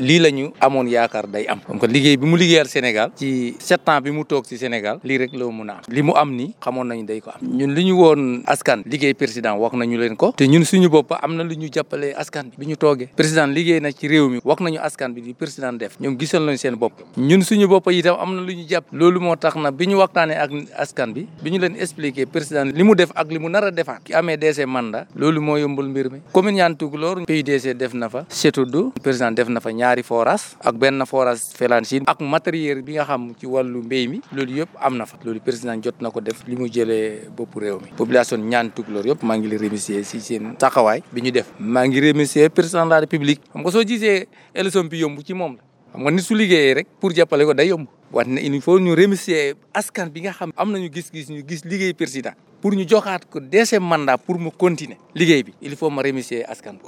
lii la ñu amoon yaakaar day am donc liggéey bi mu liggéeyal Sénégal ci sept bi mu toog si Sénégal lii rek loo mu a am li mu am ni xamoon nañu day ko am ñun li ñu woon askan liggéey président wax nañu leen ko te ñun suñu bopp am na lu ñu jàppalee askan bi bi ñu toogee président liggéey na ci réew mi wax nañu askan bi di président def ñoom gisal nañu seen bopp ñun suñu bopp itam am na lu ñu jàpp loolu moo tax na bi ñu waxtaanee ak askan bi bi ñu leen expliqué président li mu def ak li mu nar a defaat ki amee DC mandat loolu moo yombul mbir mi commune Niane Tougoulor PUDC def na fa Sétudou président def na fa ñaar ñaari forage ak benn forage Felanchine ak matériel bi nga xam ci wàllu mbéy mi loolu yëpp am na fa loolu président jot na ko def li mu jëlee bopp réew mi population ñaan tukulóor yëpp maa ngi leen remercier si seen taxawaay bi ñu def maa ngi remercier président de la république xam nga soo gisee élection bi yomb ci moom la xam nga nit su liggéeyee rek pour jàppale ko day yomb wante ne il faut ñu remercier askan bi nga xam am nañu gis-gis ñu gis liggéey président pour ñu joxaat ko deuxième mandat pour mu continuer liggéey bi askan